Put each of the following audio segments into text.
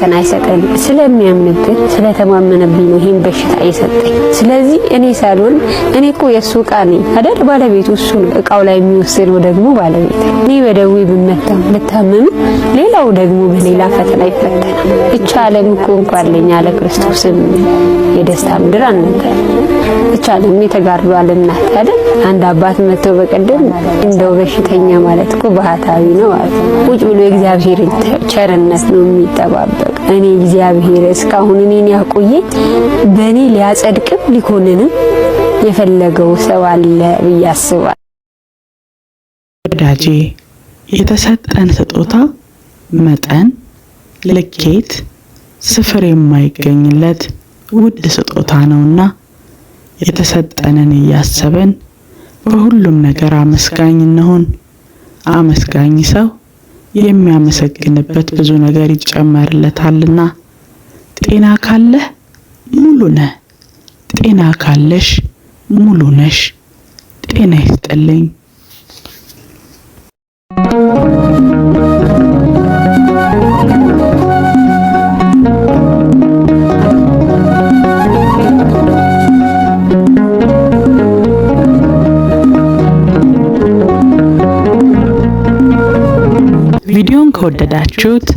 እንትን አይሰጠን ስለሚያምንብን ስለተማመነብኝ ነው ይህን በሽታ የሰጠኝ። ስለዚህ እኔ ሳልሆን እኔ እኮ የእሱ እቃ ነኝ አደር ባለቤቱ እሱ ነው። እቃው ላይ የሚወስነው ደግሞ ባለቤት። እኔ በደዌ ብመታም ብታመምም ሌላው ደግሞ በሌላ ፈተና ይፈተናል። እቻ ዓለም እኮ እንኳለኝ አለ ለክርስቶስም የደስታ ምድር አልነበር። እቻ ዓለም የተጋርዶ ዓለም ናት አንድ አባት መጥተው በቀደም እንደው በሽተኛ ማለት እኮ ባህታዊ ነው አሉ። ቁጭ ብሎ የእግዚአብሔር ቸርነት ነው የሚጠባበቅ እኔ እግዚአብሔር እስካሁን እኔን ያቆየ በእኔ ሊያጸድቅም ሊኮንንም የፈለገው ሰው አለ ብዬ አስባለሁ። ወዳጄ የተሰጠን ስጦታ መጠን፣ ልኬት፣ ስፍር የማይገኝለት ውድ ስጦታ ነውና የተሰጠንን እያሰብን በሁሉም ነገር አመስጋኝ እንሆን። አመስጋኝ ሰው የሚያመሰግንበት ብዙ ነገር ይጨመርለታልና ጤና ካለህ ሙሉ ነህ፣ ጤና ካለሽ ሙሉ ነሽ። ጤና ይስጥልኝ። ቪዲዮን ከወደዳችሁት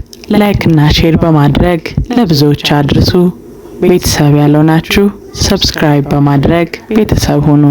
እና ሼር በማድረግ ለብዙዎች አድርሱ። ቤተሰብ ያልሆናችሁ ሰብስክራይብ በማድረግ ቤተሰብ ሁኑ።